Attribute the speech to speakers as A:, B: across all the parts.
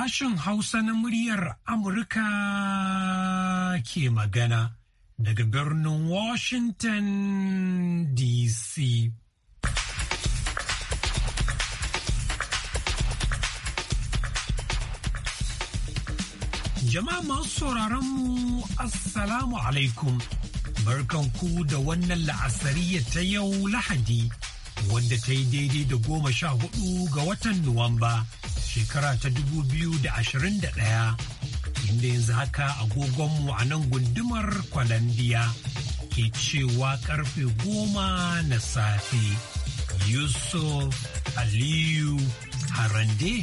A: sashen Hausa na muryar Amurka ke magana daga birnin Washington DC. Jama'a masu sauraron mu Assalamu alaikum, barkanku da wannan la'asariya ta yau Lahadi, wanda ta yi daidai da goma sha hudu ga watan Nuwamba. shekara ta 2021 inda yanzu haka agogonmu a nan gundumar kwalandiya ke cewa karfe goma na safe yusuf aliyu harande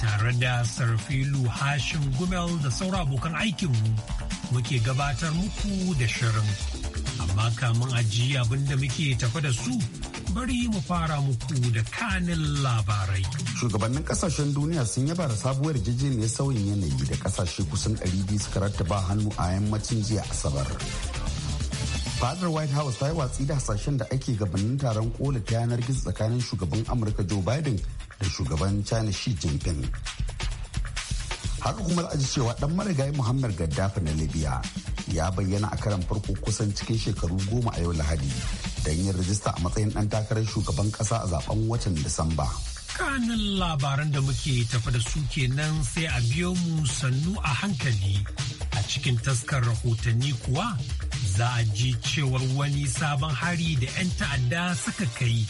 A: tare da sarfilu hashin gumel da saura abokan aikinmu muke gabatar muku da shirin amma kamun ajiye abinda muke tafa da su bari mu fara muku da kanin labarai.
B: Shugabannin kasashen duniya sun yaba da sabuwar yarjejeniyar sauyin yanayi da kasashe kusan 200 suka ba hannu a yammacin jiya Asabar. Fadar White House ta yi watsi da hasashen da ake gabanin taron kola ta yanar gizo tsakanin shugaban Amurka Joe Biden da shugaban China Xi Jinping. Haka kuma da aji cewa dan marigayi Muhammad Gaddafi na Libya ya bayyana a karan farko kusan cikin shekaru goma a yau Lahadi. don yin rajista a matsayin ɗan takarar shugaban ƙasa a zaben watan Disamba.
A: Kanin labaran da muke tafa da su kenan sai a biyo mu sannu a hankali. A cikin taskar rahotanni kuwa za a ji cewar wani sabon hari da 'yan ta'adda suka kai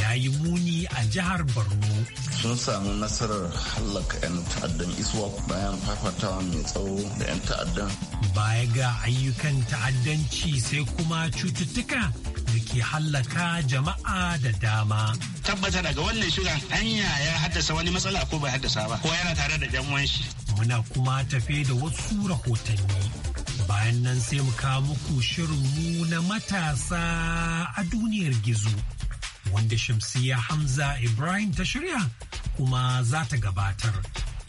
A: ya yi muni a jihar Borno.
C: Sun samu nasarar hallaka 'yan ta'addan iswa bayan fafatawa mai tsawo da 'yan ta'addan.
A: Baya ga ayyukan ta'addanci sai kuma cututtuka da ke hallaka jama'a da dama. Tabbata daga wannan shugan.
D: hanya ya haddasa wani matsala ko bai haddasa
A: ba ko yana tare da jan shi. Muna kuma tafe da wasu rahotanni. Bayan nan sai mu kawo muku shirin mu na matasa a duniyar gizo. Wanda Shamsiya Hamza Ibrahim ta shirya kuma za ta gabatar.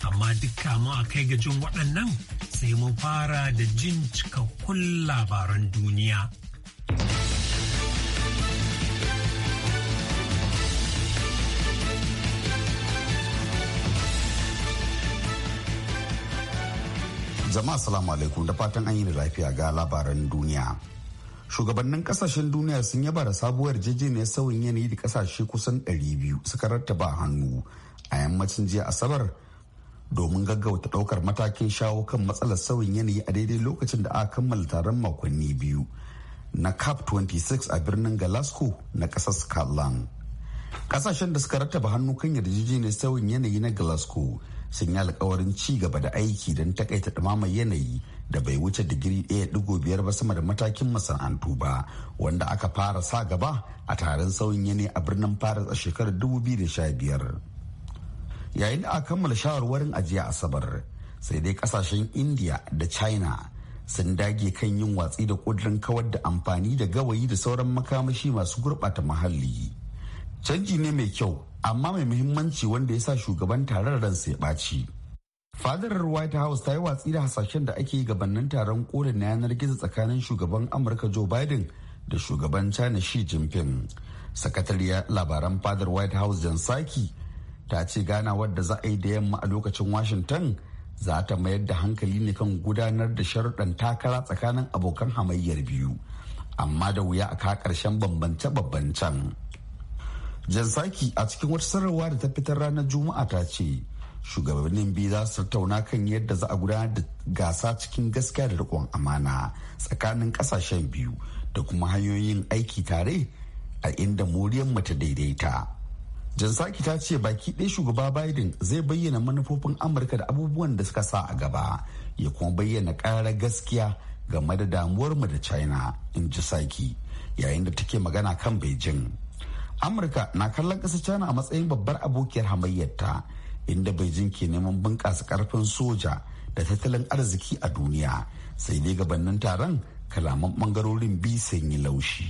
A: Amma dukka mu a kai gajin waɗannan sai mun fara da jin cikakkun labaran duniya.
B: Jama'a salamu alaikum da fatan an yi da lafiya ga labaran duniya. Shugabannin kasashen duniya sun yaba da sabuwar yarjejeniyar sauyin yanayi da kasashe kusan 200 suka rattaba hannu a yammacin jiya Asabar domin gaggauta daukar matakin shawo kan matsalar sauyin yanayi a daidai lokacin da aka kammala taron makonni biyu na CAP 26 a birnin Glasgow na kasar Scotland. Kasashen da suka rattaba hannu kan yarjejeniyar sauyin yanayi na Glasgow sun yi alkawarin ci gaba da aiki don takaita dumamar yanayi da bai wuce digiri ɗaya digo biyar ba sama da matakin masana'antu ba wanda aka fara sa gaba a taron sauyin yanayi a birnin paris a shekarar dubu biyu da sha biyar. yayin da aka kammala shawarwarin ajiya asabar sai dai kasashen india da china sun dage kan yin watsi da kudirin kawar da amfani da gawayi da sauran makamashi masu gurɓata muhalli canji ne mai kyau amma mai muhimmanci wanda ya sa shugaban taron ransa ya ɓaci. fadarar white house ta yi watsi da hasashen da ake gabanin taron kolin na yanar gizo tsakanin shugaban amurka joe biden da shugaban china xi jinping sakatariya labaran fadar white house jan saki ta ce gana wadda za a yi da yamma a lokacin washington za ta mayar da hankali ne kan gudanar da sharuɗan takara tsakanin abokan hamayyar biyu amma da wuya a ka ƙarshen bambance-bambancen. jansaki a cikin wata sanarwa da ta fitar ranar juma'a ta ce shugabannin biyu za su tattauna kan yadda za a gudanar da gasa cikin gaskiya da rikon amana tsakanin ƙasashen biyu da kuma hanyoyin aiki tare a inda mu ta daidaita jansaki ta ce baki ɗaya shugaba biden zai bayyana manufofin amurka da abubuwan da suka sa a gaba ya kuma bayyana ƙarar gaskiya game da damuwarmu da china in ji saki yayin da take magana kan beijing amurka na kallon ƙasar china a matsayin babbar abokiyar hamayyarta inda beijing ke neman bunƙasa ƙarfin soja da tattalin arziki a duniya sai dai gabanin taron kalaman ɓangarorin biyu sun yi laushi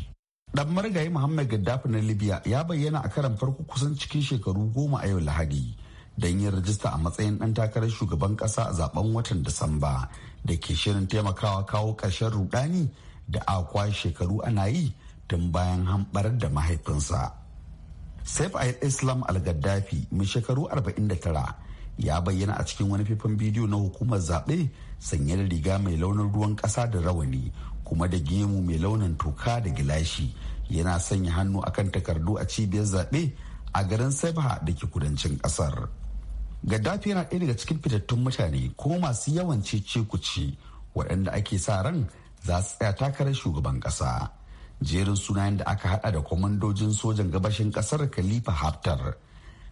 B: dan marigayi muhammad gaddafi na libya ya bayyana a karan farko kusan cikin shekaru goma a yau lahadi don yin rajista a matsayin dan takarar shugaban kasa a zaben watan disamba da ke shirin taimakawa kawo ƙarshen rudani da akwai shekaru ana yi tun bayan hambar da mahaifinsa saif al islam al-gaddafi mai shekaru 49 ya bayyana a cikin wani faifan bidiyo na hukumar zaɓe sanye da riga mai launin ruwan ƙasa da rawani kuma da gemu mai launin toka da gilashi yana sanya hannu akan takardu a cibiyar zaɓe a garin saifa da ke kudancin ƙasar gaddafi yana ɗaya daga cikin fitattun mutane kuma masu yawan cece kuce waɗanda ake sa ran za su tsaya takarar shugaban ƙasa jerin sunayen da aka hada da kwamandojin sojan gabashin kasar khalifa haftar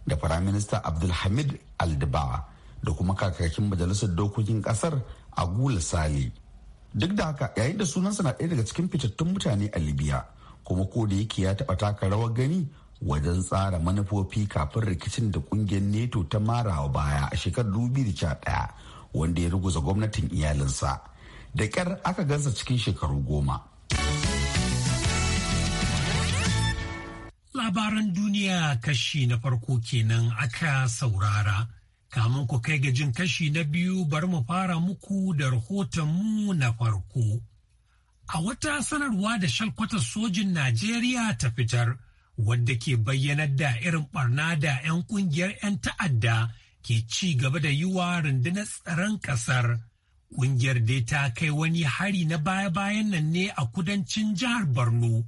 B: da firaminista abdulhamid aldiba da kuma kakakin majalisar dokokin kasar agul sali duk da haka yayin da sunansa na ɗaya daga cikin fitattun mutane a libya kuma ko da yake ya taɓa taka rawar gani wajen tsara manufofi kafin rikicin da kungiyar neto ta marawa baya a shekarar 2011 wanda ya ruguza gwamnatin iyalinsa da kyar aka gansa cikin shekaru goma.
A: Labaran duniya kashi na farko kenan aka saurara. Kamun ku kai ga jin kashi na biyu bari mu fara muku da rahoton mu na farko. A wata sanarwa da shalkwata sojin Najeriya ta fitar, wadda ke bayyanar da irin barna da 'yan kungiyar 'yan ta'adda ke ci gaba da yiwa rundunar tsaron ƙasar. Kungiyar dai ta kai wani hari na baya-bayan nan ne a kudancin jihar Borno.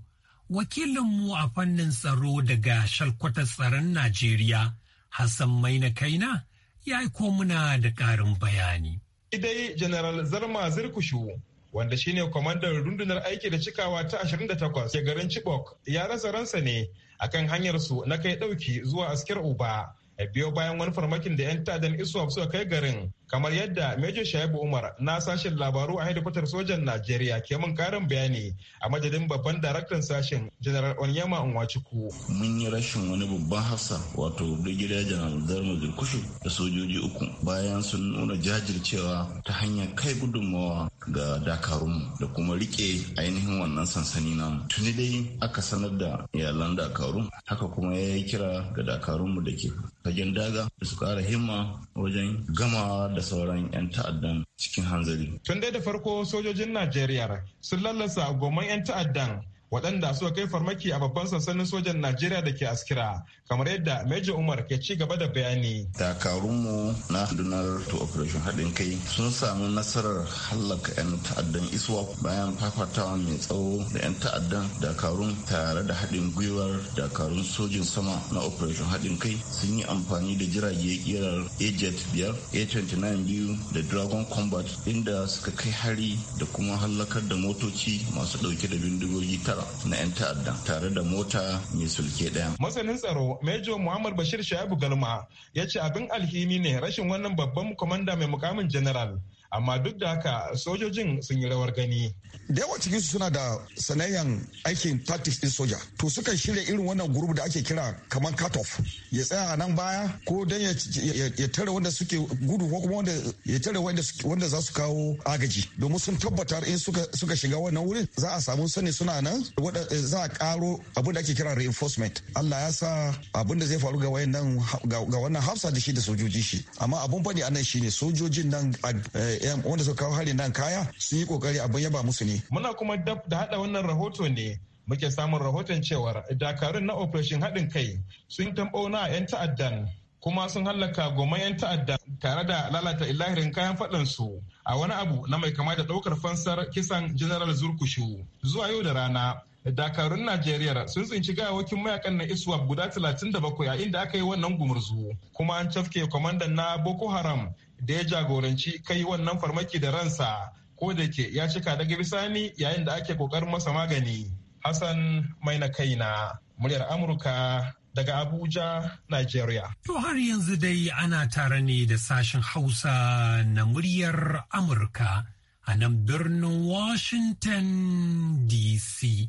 A: Wakilinmu a fannin tsaro daga shalkwatar tsaron Najeriya, Hassan Maina Kaina, ya yi komuna da ƙarin bayani.
E: Idai General Zarma Zirkushu, wanda shine kwamandan rundunar aiki da cikawa ta 28 ke garin Chibok, ya rasa ransa ne akan su na kai ɗauki zuwa askar Uba. a biyo bayan wani farmakin da 'yan ta'addan iswap suka kai garin kamar yadda major shaibu umar na sashen labaru a hedikwatar sojan najeriya ke min karin bayani a madadin babban daraktan sashen general onyema nwachukwu
C: mun yi rashin wani babban hassa wato gida general darma kushe da sojoji uku bayan sun nuna jajircewa ta hanyar kai gudunmawa ga dakarun da kuma rike ainihin wannan sansani namu tuni dai aka sanar da iyalan dakarun haka kuma ya yi kira ga dakarunmu da ke fagen daga da su kara himma
E: wajen gama da sauran 'yan ta'addan cikin hanzari tun dai da farko sojojin najeriya sun lallasa goman 'yan ta'addan waɗanda suka kai farmaki a babban sansanin sojan Najeriya da ke askira kamar yadda Major Umar ke ci gaba da bayani.
C: Dakarunmu na rundunar to operation haɗin kai sun samu nasarar hallaka 'yan ta'addan ISWAP bayan fafatawa mai tsawo da 'yan ta'addan dakarun tare da haɗin gwiwar dakarun sojin sama na operation haɗin kai sun yi amfani da jirage kirar Ajet 5, A29 biyu da Dragon Combat inda suka kai hari da kuma hallakar
E: da motoci masu ɗauke da bindigogi tara na 'yan ta'adda tare da mota mai sulke ɗaya. Masanin tsaro Major Muhammad Bashir shabu Galma ya ce abin alhini ne rashin wannan babban kwamanda mai mukamin general amma duk da haka sojojin sun yi rawar gani da yawa cikinsu suna da sanayyan aikin tactics din soja to suka shirya irin wannan gurbu da ake kira kamar cut off ya tsaya a nan baya ko don ya tare wanda suke gudu ko kuma wanda ya tare wanda za su kawo agaji domin sun tabbatar in suka shiga wannan wurin za a samu sani suna nan eh, za a karo abin da ake kira reinforcement Allah ya sa abin da zai faru ga wannan hafsa da shi da sojoji shi amma abun fadi anan shine sojojin nan eh, wanda suka kawo harin nan kaya sun yi kokari abin yaba musu ne muna kuma dab da haɗa wannan rahoto ne muke samun rahoton cewar dakarun na operation haɗin kai sun tambauna a 'yan ta'addan kuma sun hallaka goma 'yan ta'addan. tare da lalata ilahirin kayan su a wani abu na mai kama da ɗaukar fansar kisan general zurkushu zuwa yau da rana dakarun najeriya sun tsinci gawakin mayakan na iswap guda 37 a inda aka yi wannan gumurzu kuma an cafke kwamandan na boko haram da ya jagoranci kai wannan farmaki da ransa ko da ke ya cika daga bisani yayin da ake kokarin masa magani hassan mai na kai na muryar amurka daga Abuja, Nigeria.
A: To har yanzu dai ana tare ne da sashen Hausa na muryar Amurka a nan birnin Washington DC.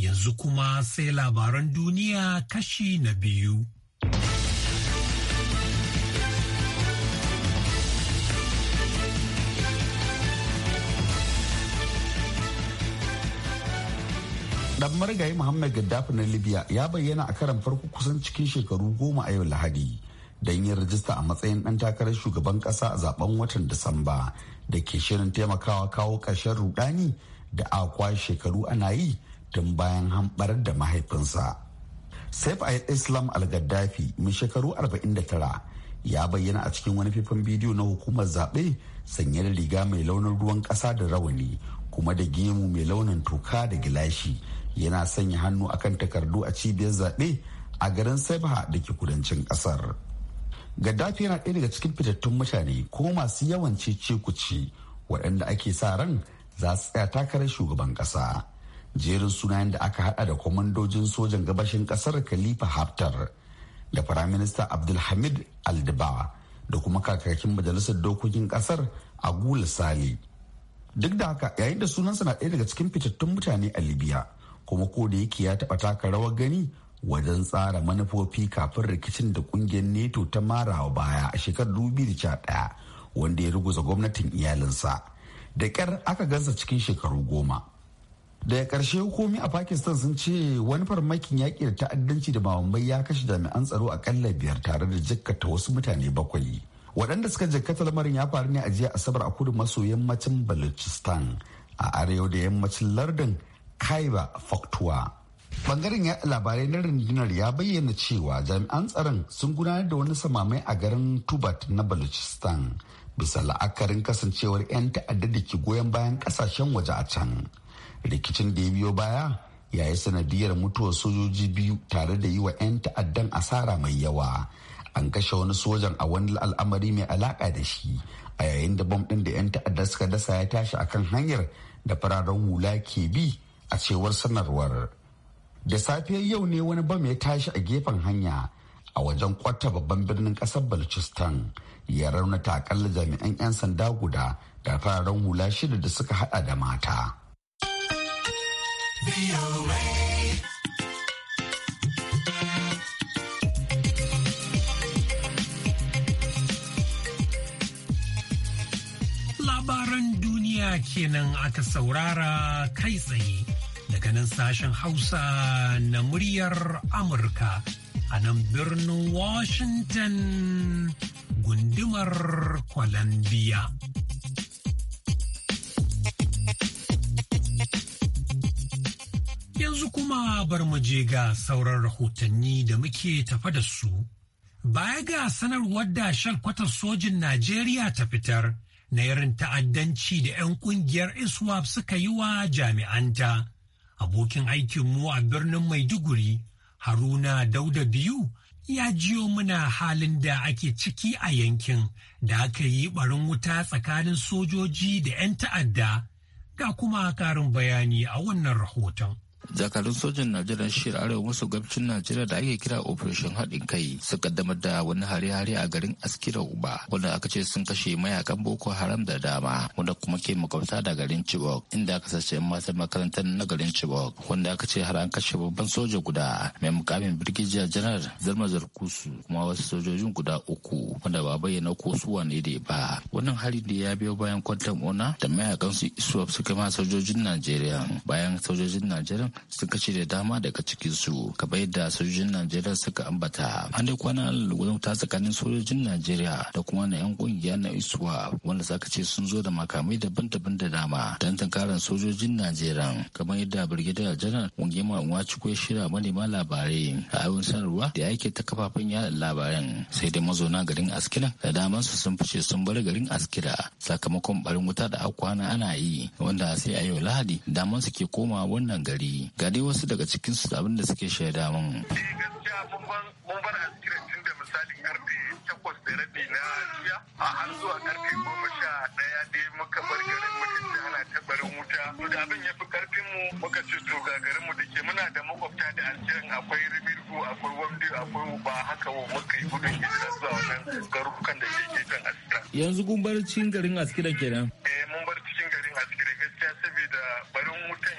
A: Yanzu kuma sai labaran duniya kashi na biyu.
B: dan marigayi muhammad gaddafi na libya ya bayyana a karan farko kusan cikin shekaru goma a yau lahadi don yin rajista a matsayin dan takarar shugaban kasa a zaben watan disamba da ke shirin taimakawa kawo ƙarshen rudani da akwa shekaru ana yi tun bayan hambarar da mahaifinsa saif a islam al-gaddafi mai shekaru 49 ya bayyana a cikin wani faifan bidiyo na hukumar zaɓe sanye da riga mai launin ruwan ƙasa da rawani kuma da gemu mai launin toka da gilashi yana sanya hannu akan takardu a cibiyar zaɓe a garin Sabha da ke kudancin ƙasar. Gaddafi yana ɗaya daga cikin fitattun mutane ko masu yawan cece ci waɗanda ake sa ran za su tsaya takarar shugaban ƙasa. Jerin sunayen da aka haɗa da kwamandojin sojan gabashin ƙasar Khalifa Haftar da Firaminista Abdulhamid Aldaba da kuma kakakin majalisar dokokin ƙasar Agul Sali. Duk da haka yayin da sunansa na ɗaya daga cikin fitattun mutane a Libya. kuma ko da yake ya taɓa taka rawar gani wajen tsara manufofi kafin rikicin da kungiyar neto ta mara wa baya a shekarar 2011 wanda ya ruguza gwamnatin iyalinsa da kyar aka gansa cikin shekaru goma daga ƙarshe hukumi a pakistan sun ce wani farmakin yaƙi da ta'addanci da mawambai ya kashe jami'an tsaro a akalla biyar tare da jikkata wasu mutane bakwai waɗanda suka jikkata lamarin ya faru ne a jiya asabar a kudu maso yammacin balochistan a arewa da yammacin lardin kaiba faktuwa bangaren ya labarai na rundunar ya bayyana cewa jami'an tsaron sun gudanar da wani samamai a garin tubat na balochistan bisa la'akarin kasancewar 'yan ta'adda da ke goyon bayan kasashen waje a can rikicin da ya biyo baya ya yi sanadiyar mutuwar sojoji biyu tare da yi wa 'yan ta'addan asara mai yawa an kashe wani sojan a wani al'amari mai alaƙa da shi a yayin da bam ɗin da 'yan ta'adda suka dasa ya tashi akan hanyar da fararen hula ke bi a cewar sanarwar da safe yau ne wani bam ya tashi a gefen hanya a wajen kwata babban birnin kasar balchistan ya raunata akalla jami'an 'yan sanda guda da fararen hula shida da suka hada da mata
A: labaran duniya kenan aka saurara kai tsaye daga nan sashen Hausa na muryar Amurka a nan birnin Washington gundumar Columbia. Yanzu kuma bar mu je ga sauran rahotanni da muke tafa da su. Baya ga sanarwar da shalkwatar sojin Najeriya ta fitar na irin ta'addanci da 'yan kungiyar ISWAP suka yi wa jami'anta Abokin aikinmu a birnin Maiduguri, Haruna Dauda biyu, ya jiyo muna halin da ake ciki a yankin da aka yi barin wuta tsakanin sojoji da 'yan ta'adda ga kuma karin bayani a wannan rahoton.
F: jakarun sojan Najeriya shir arewa maso gabcin Najeriya da ake kira Operation Haɗin Kai su kaddamar da wani hare-hare a garin Askira Uba wanda aka ce sun kashe mayakan Boko Haram da dama wanda kuma ke makwabta da garin Chibok inda aka sace matan makarantar na garin Chibok wanda aka ce har an kashe babban soja guda mai mukamin Birgijiya Janar Zarma Zarkusu kuma wasu sojojin guda uku wanda ba bayyana ko su wane ne ba. Wannan hari da ya biyo bayan kwantan ona da mayakan su Isuwaf suka ma sojojin Najeriya bayan sojojin Najeriya daban kace da dama daga cikin su kamar yadda sojojin najeriya suka ambata an dai kwana lullugudan ta tsakanin sojojin najeriya da kuma na 'yan kungiya na isuwa wanda suka ce sun zo da makamai daban-daban da dama dan tunkarar sojojin najeriya kamar yadda birgidar janar wangema nwachukwu ya shirya manema labarai a abin sanarwa da yake ta kafafen yada labaran sai dai mazauna garin askira da daman su sun fice sun bar garin askira sakamakon barin wuta da akwana ana yi wanda sai a yau lahadi daman su ke koma wannan gari yi ga dai wasu daga cikin su abin da suke shaida mun eh, mun bar askirin tun da misalin
E: karfe takwas da rabi na jiya a har zuwa karfe goma sha daya dai muka bar garin mu da ana ta barin wuta to da abin ya fi karfin mu muka ce to ga garin mu da ke muna da makwabta da askirin akwai ribirgu
C: akwai wamdi akwai ba haka wa muka yi gudun hijira zuwa wannan garurukan da ke
F: gefen askirin. yanzu kun bar cikin garin askirin kenan. eh mun bar cikin garin askirin gaskiya saboda barin wutan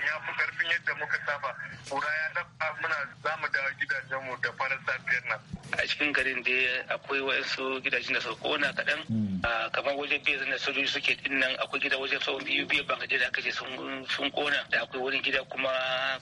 F: yadda muka saba kura ya dafa
D: muna za mu dawo gidajenmu da farar safiyar nan a cikin garin da akwai wasu gidajen da su kona kaɗan hmm. ah, kamar wajen zan da sojoji suke din nan akwai gida wajen sau biyu biyu ban da aka ce sun kona da akwai wani gida kuma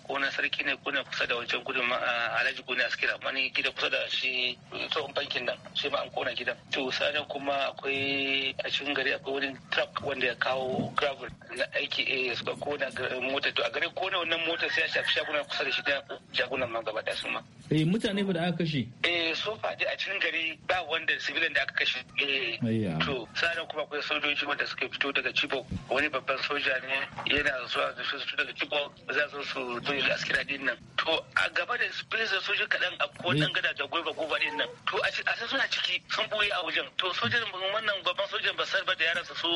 D: kona sarki ne kona kusa da wancan gudun ah, alhaji gona askira wani gida kusa da shi tsohon bankin nan shi ma an kona gidan to sanan kuma akwai a cikin gari akwai wani truck wanda ya kawo gravel na aiki a suka kona mota to a garin kona wannan mota yote siacha kusha kuna
F: kusali shida yako c a k u n a mambo b a a d ya suma eh mutane ba da aka kashe eh so fa a cikin gari ba wanda sibilin da aka kashe eh
D: to sanan kuma akwai sojoji wanda suka fito daga cibo. wani babban soja ne yana zuwa da su fito daga cibo za su su zo da askira din nan to a gaba da prison sojoji kadan a ko eh. dan gada da gobe gobe din nan to a san suna ciki sun boye a wajen to sojan
F: wannan babban sojan basar ba da yaransa su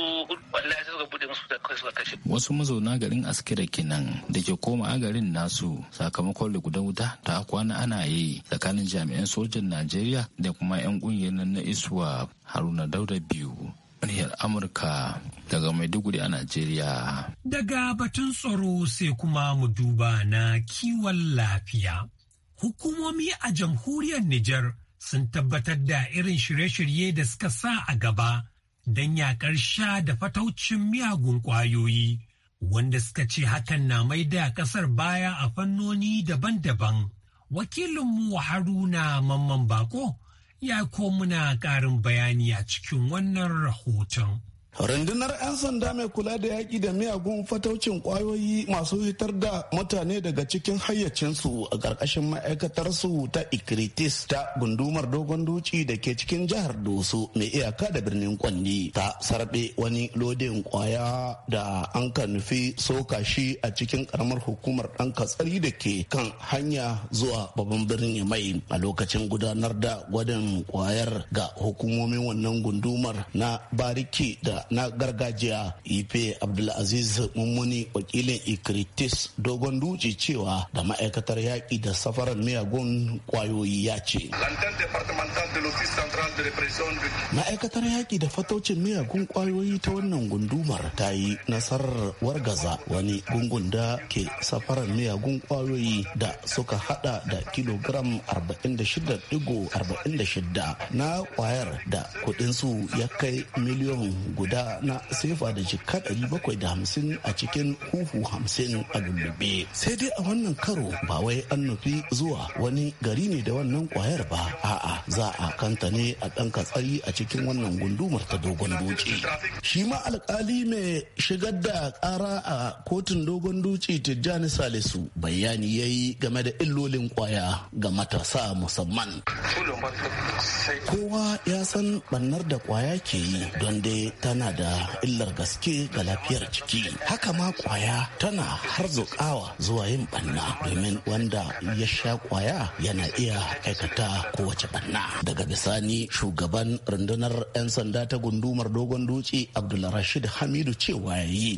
F: wallahi sai suka bude musu da kai suka kashe wasu mazauna garin askira kenan da ke koma a garin nasu sakamakon gudan wuta ta kwana ana yi tsakanin jami'an sojan najeriya da kuma 'yan kungiyar na isuwa haruna dauda biyu muryar amurka daga maiduguri a najeriya
A: daga batun tsaro sai kuma mu duba na kiwon lafiya hukumomi a jamhuriyar nijar sun tabbatar da irin shirye-shirye da suka sa a gaba don yakar sha da fataucin miyagun kwayoyi wanda suka ce hakan na mai da kasar baya a fannoni daban-daban wakilinmu haruna mamman bako ya komuna ƙarin bayani a cikin wannan rahoton.
G: Rundunar 'yan sanda mai kula da yaƙi da miyagun fataucin kwayoyi masu hitar da mutane daga cikin hayyacinsu a ƙarƙashin su ta Ikritis ta gundumar dogon duci da ke cikin jihar Doso mai iyaka da birnin Kwanni ta sarbe wani lodin ƙwaya da an ka nufi soka shi a cikin ƙaramar hukumar ɗan katsari da ke kan hanya zuwa babban birnin mai a lokacin gudanar da gwadin ƙwayar ga hukumomin wannan gundumar na bariki da na gargajiya ife abdulaziz mummuni wakilin ikritis dogon duci cewa da ma'aikatar yaƙi da safarar miyagun kwayoyi ya ce. Lantar departamental de l'office Ma'aikatar yaƙi da fataucin miyagun ƙwayoyi ta wannan gundumar ta yi nasarar wargaza wani gungun da ke safarar miyagun ƙwayoyi da suka hada da kilogram 46.46 na kwayar da kuɗinsu ya kai miliyon guda na sefa da jika 750 a cikin huhu 50 a lullube. Sai dai a wannan karo ba wai an nufi zuwa wani gari ne da wannan kwayar ba a'a za a kanta ne a ɗan katsari a cikin wannan gundumar ta dogon duci shi ma alkali mai shigar da ƙara a kotun dogon duci tijjani salisu bayani ya yi game da illolin kwaya ga matasa musamman kowa ya san ɓannar da kwaya ke yi don dai tana da illar gaske ga lafiyar ciki haka ma kwaya tana zuƙawa zuwa yin ɓanna domin wanda ya sha kwaya yana iya aikata kowace banna daga bisani shugaban rundunar 'yan sanda ta gundumar dogon dutse abdulrashid hamidu cewa ya yi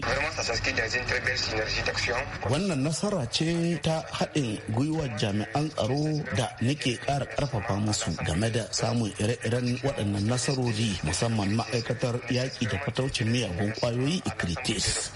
G: wannan nasara ce ta haɗin gwiwar jami'an tsaro da nake ƙara ƙarfafa musu game da samun ire-iren waɗannan nasarori musamman ma'aikatar yaƙi da fataucin miyagun ƙwayoyi
D: ikritis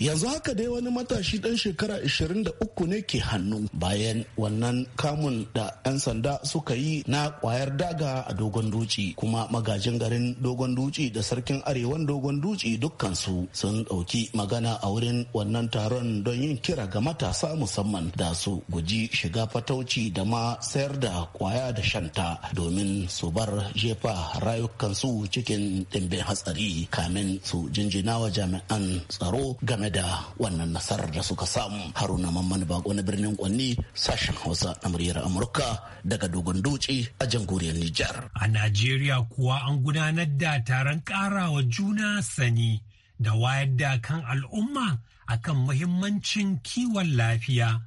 G: yanzu haka dai wani matashi dan shekara 23 ne ke hannu bayan wannan kamun da 'yan sanda sanda suka yi na kwayar daga a dogon duci kuma magajin garin dogon duci da sarkin arewan dogon duci dukkansu sun ɗauki magana a wurin wannan taron don yin kira ga matasa musamman da su guji shiga fatauci da ma sayar da kwaya da shanta domin su bar jefa rayukansu cikin ɗimbin hatsari kamin su jinjinawa jami'an tsaro game da wannan nasarar da suka samu haruna mamman bako na birnin kwanni sashen hausa na muryar amurka daga dogon doce a jamhuriyar Nijar.
A: A Najeriya kuwa an gudanar da taron karawa juna sani da wayar da kan al'umma akan muhimmancin kiwon lafiya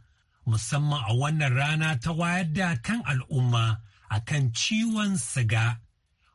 A: musamman a wannan rana ta wayar da kan al'umma akan ciwon siga.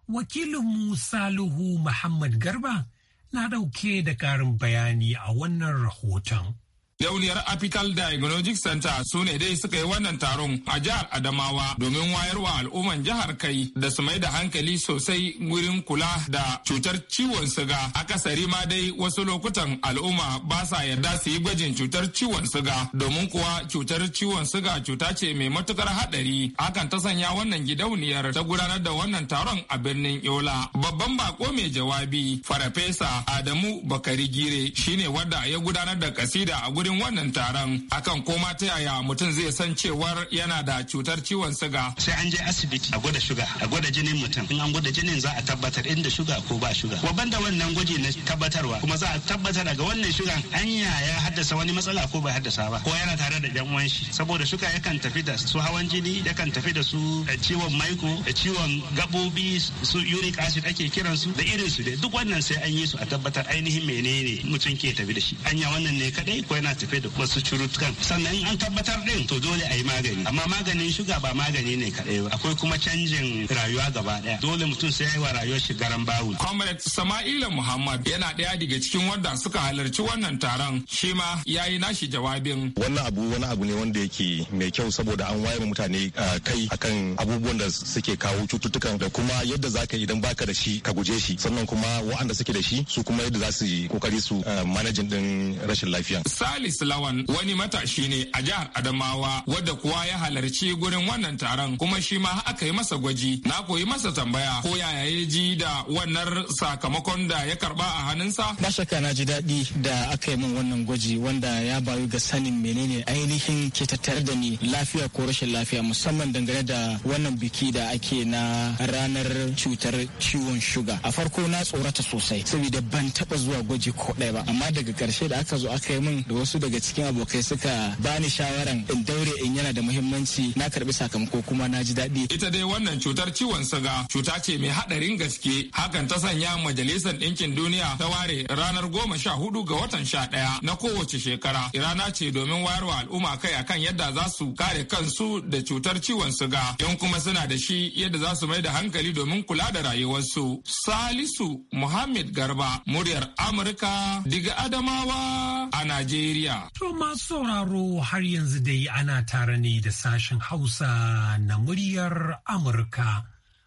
A: Wakilin Musa Luhu Muhammad Garba na ɗauke da ƙarin bayani a wannan rahoton.
H: Dauniyar Apical Diagnostic Center su ne dai suka yi wannan taron a jihar Adamawa domin wayarwa al'umman jihar kai da su mai da hankali sosai wurin kula da cutar ciwon siga. Akasari ma dai wasu lokutan al'umma ba sa yarda su yi gwajin cutar ciwon siga domin kuwa cutar ciwon siga cuta ce mai matukar haɗari. Hakan ta sanya wannan gidauniyar ta gudanar da wannan taron a birnin Yola. Babban bako mai jawabi Farafesa Adamu Bakari Gire shine wanda ya gudanar da kasida a gurin wurin wannan taron akan koma ta yaya mutum
D: zai san cewar yana da cutar ciwon siga. Sai an je asibiti a gwada shuga a gwada jinin mutum in an gwada jinin za a tabbatar inda shuga ko ba shuga. wa banda wannan gwaji na tabbatarwa kuma za a tabbatar daga wannan shugan hanya ya haddasa wani matsala ko bai haddasa ba ko yana tare da yan saboda shuga yakan tafi da su hawan jini yakan tafi da su eh, ciwon maiko da eh, ciwon gabobi su uric acid ake kiran su da irin su dai duk wannan sai an yi su a tabbatar ainihin menene mutum ke tafi da shi anya wannan ne kadai ko yana tafi da wasu curutukan sannan an tabbatar din to dole a yi magani amma maganin shuga ba magani ne kaɗai ba akwai kuma canjin rayuwa gaba ɗaya dole mutum sai ya yi wa rayuwar shi garan bawul.
H: comrade sama'ila muhammad yana ɗaya daga cikin wanda suka halarci wannan taron shi ma ya yi nashi jawabin.
E: wannan abu wani abu ne wanda yake mai kyau saboda an wayar mutane kai akan abubuwan da suke kawo cututtukan da kuma yadda zaka idan baka da shi ka guje shi sannan kuma wa'anda suke da shi su kuma yadda za su yi kokari su manajin din rashin lafiya.
H: sali Hamis Lawan wani matashi ne a jihar Adamawa wadda kuwa ya halarci gurin wannan taron kuma shi ma aka yi masa gwaji na koyi masa tambaya ko yaya ya ji da wannan sakamakon da ya karba a hannunsa.
F: Ba shakka na ji daɗi da aka yi min wannan gwaji wanda ya bayu ga sanin menene ainihin ke tattare da ni lafiya ko rashin lafiya musamman dangane da wannan biki da ake na ranar cutar ciwon shuga. A farko na tsorata sosai saboda ban taba zuwa gwaji ko ɗaya ba amma daga ƙarshe da aka zo aka yi min da wasu wasu daga cikin abokai suka bani shawaran in daure in yana da muhimmanci na karbi sakamako kuma na ji daɗi.
H: Ita dai wannan cutar ciwon suga cuta ce mai haɗarin gaske hakan ta sanya majalisar ɗinkin duniya ta ware ranar goma sha hudu ga watan sha ɗaya na kowace shekara. Rana ce domin wayarwa al'umma kai akan yadda za su kare kansu da cutar ciwon suga don kuma suna da shi yadda za su mai da hankali domin kula da rayuwarsu. Salisu Muhammad Garba muryar Amurka
A: diga Adamawa a
H: Najeriya. lafiya.
A: To masu sauraro har yanzu dai ana tare ne da sashen Hausa na muryar Amurka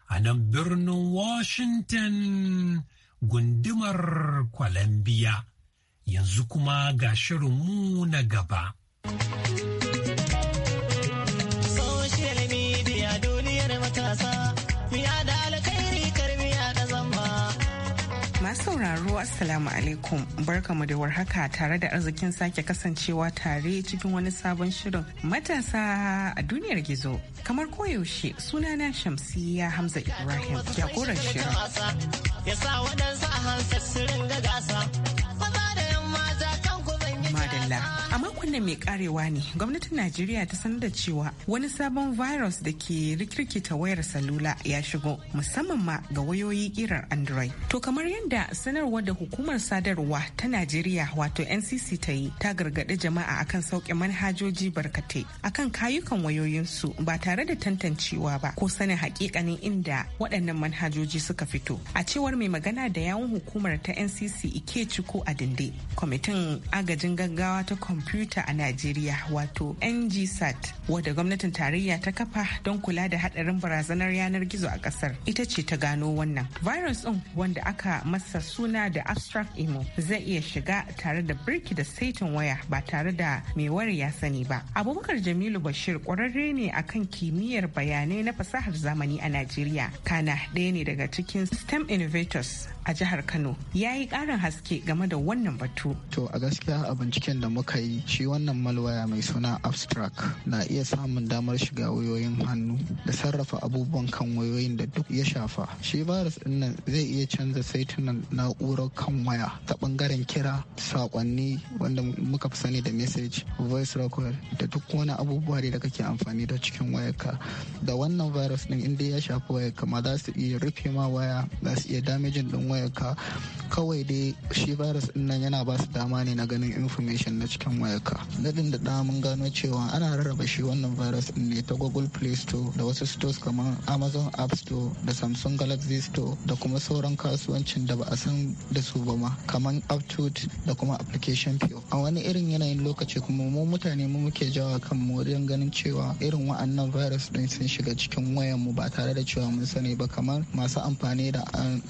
A: a nan birnin Washington gundumar Columbia. Yanzu kuma ga shirinmu na gaba.
I: sauraro Assalamu alaikum barkamu da warhaka tare da arzikin sake kasancewa tare cikin wani sabon shirin matasa a duniyar gizo. Kamar koyaushe sunana Shamsiyya Hamza Ibrahim jagoran shirin. ne mai karewa ne gwamnatin najeriya ta sanar da cewa wani sabon virus da ke rikirkita wayar salula ya shigo musamman ma ga wayoyi kirar android to kamar yadda sanarwar da hukumar sadarwa ta najeriya wato ncc ta yi ta gargaɗi jama'a akan sauke manhajoji barkatai akan kayukan wayoyinsu ba tare da tantancewa ba ko sanin hakikanin inda waɗannan manhajoji suka fito a cewar mai magana da yawun hukumar ta ncc ike ciko a dinde kwamitin agajin gaggawa ta kwamfuta a Najeriya wato NGSAT wadda gwamnatin tarayya ta kafa don kula da hadarin barazanar yanar gizo a kasar ita ce ta gano wannan. Virus ɗin wanda aka masa suna da abstract emo zai iya shiga tare da birki da saitin waya ba tare da mai wari ya sani ba. Abubakar Jamilu Bashir kwararre ne akan kimiyyar bayanai na fasahar zamani a Najeriya. Kana ɗaya ne daga cikin STEM Innovators a jihar Kano. Ya yi ƙarin haske game da wannan
J: batu. To a gaskiya a binciken da muka yi shi wannan malwaya mai suna abstract na iya samun damar shiga wayoyin hannu da sarrafa abubuwan kan wayoyin da duk ya shafa shi virus ɗinnan zai iya canza saitunan na'urar kan waya ta bangaren kira sakonni wanda muka fi sani da message voice record da duk wani abubuwa da kake amfani da cikin wayarka da wannan virus ɗin inda ya shafi wayarka ma za su iya rufe ma waya za su iya damejin din wayarka kawai dai shi virus ɗinnan yana ba su dama ne na ganin information na cikin wayarka daɗin da da mun gano cewa ana rarraba shi wannan virus din ne ta google play store da wasu stores kamar amazon app store da samsung galaxy store da kuma sauran kasuwancin da ba a san da su ba ma kamar aptut da kuma application pio a wani irin yanayin lokaci kuma mu mutane mu muke jawa kan mu wajen ganin cewa irin wa'annan virus din sun shiga cikin wayan mu ba tare da cewa mun sani ba kamar masu amfani da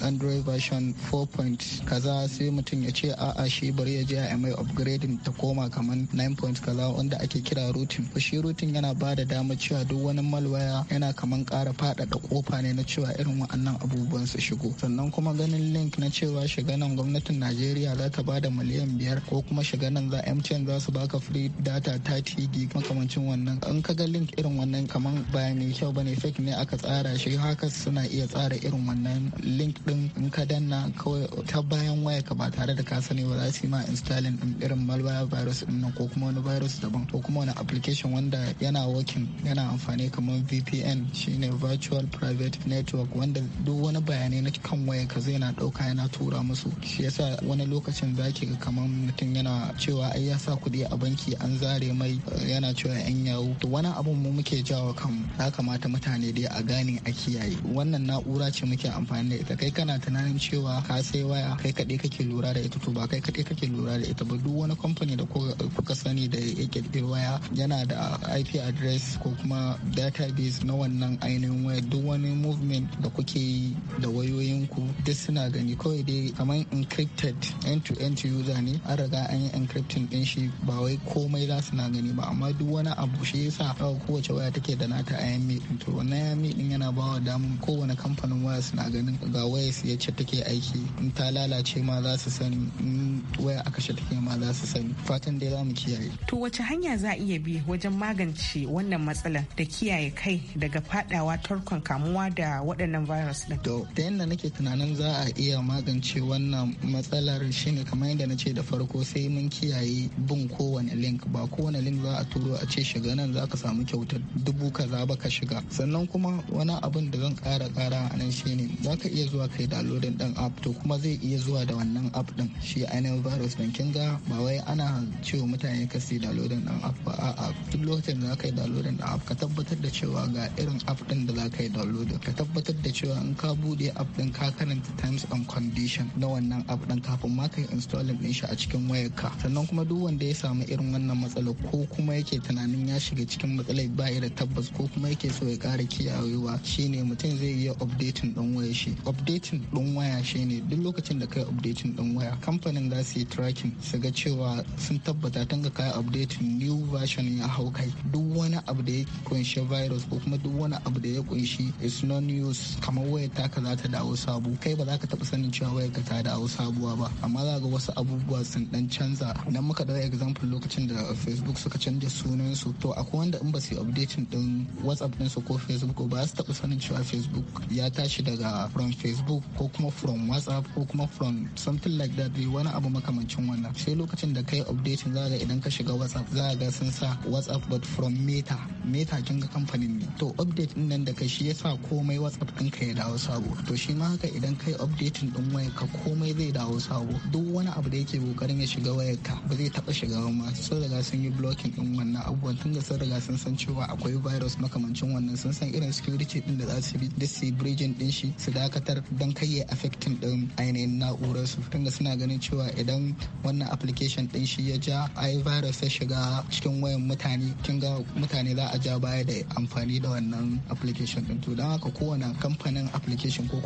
J: android version 4. kaza sai mutum ya ce a'a shi bari ya je a mai upgrading ta koma kamar 9 point kaza wanda ake kira rutin ba shi rutin yana ba da damar cewa duk wani malwaya yana kaman kara faɗaɗa kofa ne na cewa irin wa'annan abubuwan su shigo sannan kuma ganin link na cewa shiga nan gwamnatin najeriya za ta ba da miliyan biyar ko kuma shiga nan za mtn za su baka free data 30 gig makamancin wannan in ka ga link irin wannan kaman ba mai kyau bane fake ne aka tsara shi haka suna iya tsara irin wannan link din in ka danna kawai ta bayan waya ka ba tare da ka sani ba za su yi ma installing din irin malware virus din ko kuma wani virus daban ko kuma wani application wanda yana working yana amfani kamar VPN shine virtual private network wanda duk wani bayanai na kan waya ka zai na dauka yana tura musu shi yasa wani lokacin zaki ga kamar mutum yana cewa ai ya sa kuɗi a banki an zare mai yana cewa yan yawo to wani abun mu muke jawo kan ya kamata mutane dai a gane a kiyaye wannan na'ura ce muke amfani da ita kai kana tunanin cewa ka sai waya kai kaɗai kake lura da ita to ba kai kaɗai kake lura da ita ba duk wani kamfani da kuka sani da ya kirkiri waya yana da IP address ko kuma database na wannan ainihin waya duk wani movement da kuke yi da wayoyinku duk suna gani kawai dai kamar encrypted end-to-end user ne an riga an yi encrypting din shi ba wai komai za su na gani ba amma duk wani abu shi yasa kowace waya take da nata IME to wannan IME din yana ba wa damun kowane kamfanin waya suna ganin ga waya su yace take aiki in ta lalace ma za su sani in waya aka take ma za su sani fatan dai za mu ci
I: To wace hanya za a iya bi wajen magance wannan matsalar da kiyaye kai daga fadawa tarkon kamuwa da waɗannan virus ɗin To
J: ta yadda nake tunanin za a iya magance wannan matsalar shine kamar yadda na ce da farko sai mun kiyaye bin kowane link ba kowane link za a turo a ce shiga nan za ka samu kyautar dubu kaza ba ka shiga sannan kuma wani abin da zan kara kara a nan shine za ka iya zuwa kai downloading ɗin app to kuma zai iya zuwa da wannan app ɗin shi ainihin virus din kin ga ba wai ana cewa mutane ya ka sai downloading ɗan app ba a'a duk lokacin da za ka yi dalolin. ɗan app ka tabbatar da cewa ga irin app ɗin da za ka yi dalolin. ka tabbatar da cewa in ka buɗe app ɗin ka karanta terms and condition na wannan app ɗin kafin ma ka yi installing ɗin shi a cikin ka. sannan kuma duk wanda ya samu irin wannan matsalar ko kuma yake tunanin ya shiga cikin matsalar ba da tabbas ko kuma yake so ya ƙara kiyayewa shine mutum zai yi updating ɗin waya shi updating ɗin waya shine duk lokacin da kai updating din waya kamfanin za su yi tracking su ga cewa sun tabbata tun ga ka update new version ya hau kai duk wani abu da ya kunshi virus ko kuma duk wani abu da ya kunshi is no news kamar wayar taka za ta dawo sabu kai ba za ka taba sanin cewa wayar ka ta dawo sabuwa ba amma za ga wasu abubuwa sun dan canza idan muka da example lokacin da facebook suka canza sunan su to akwai wanda in ba su updating din whatsapp din su ko facebook ba su taba sanin cewa facebook ya tashi daga from facebook ko kuma from whatsapp ko kuma from something like that dai wani abu makamancin wannan sai lokacin da kai updating za ga idan ka shiga whatsapp za ga sun sa whatsapp but from meta meta kin ga kamfanin ne to update din nan da kai shi yasa komai whatsapp din ka ya dawo sabo to shi ma haka idan kai updating din waya ka komai zai dawo sabo duk wani abu da yake kokarin ya shiga wayar ka ba zai taba shiga ba ma sun riga sun yi blocking din wannan abubuwan tun da sun riga sun san cewa akwai virus makamancin wannan sun san irin security din da za su bi da su bridging din shi su dakatar dan kai ya affecting din ainihin na'urar su da suna ganin cewa idan wannan application din shi ya ja virus ya shiga cikin wayan mutane kin ga mutane za a ja baya da amfani da wannan application din to don haka kowane kamfanin application ko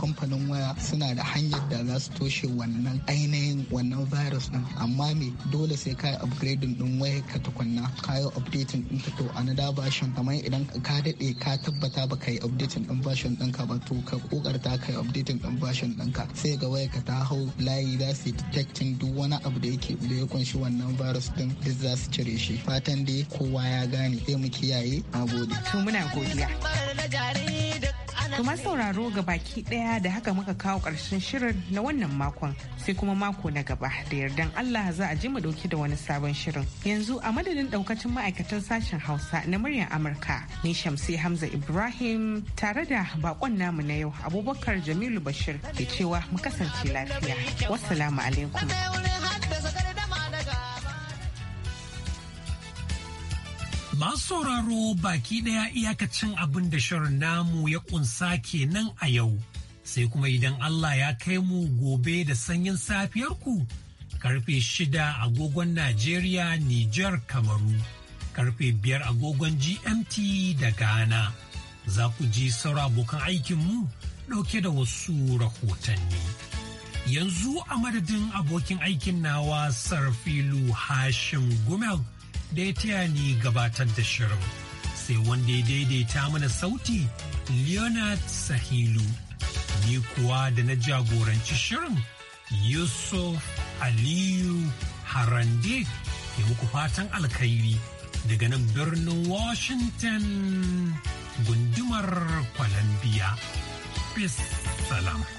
J: kamfanin waya suna da hanyar da za su toshe wannan ainihin wannan virus din amma me dole sai ka yi upgrading din wayar ka tukunna ka yi updating din to another version kamar idan ka daɗe ka tabbata ba ka yi updating din version din ka ba to ka kokarta ka yi updating din version din ka sai ga wayar ka ta hau layi za su detecting duk wani abu da yake da ya kunshi wannan virus bus din duk za su cire shi fatan dai kowa ya gane sai mu
I: kiyaye a gode to muna godiya Kuma sauraro ga baki daya da haka muka kawo karshen shirin na wannan makon sai kuma mako na gaba da yardan Allah za a ji mu dauki da wani sabon shirin. Yanzu a madadin daukacin ma'aikatan sashen Hausa na muryar Amurka ni Shamsi Hamza Ibrahim tare da bakon namu na yau Abubakar Jamilu Bashir ke cewa mu kasance lafiya. Wassalamu alaikum.
A: Masu sauraro baki ɗaya iyakacin abin da shirin namu ya ƙunsa kenan a yau, sai kuma idan Allah ya kai mu gobe da sanyin safiyarku karfe shida agogon Najeriya, Nijar, Kamaru, karfe biyar agogon GMT da Ghana. Za ku ji saura abokan aikinmu ɗauke da wasu rahotanni. Yanzu a madadin abokin aikin nawa Sarfilu Hashim Gumel. da ya taya ni gabatar da shirin sai wanda ya daidaita mana sauti leonard sahilu ni kuwa da na jagoranci shirin yusuf aliyu harande ke muku fatan alkhairi daga nan birnin washington gundumar columbia peace salam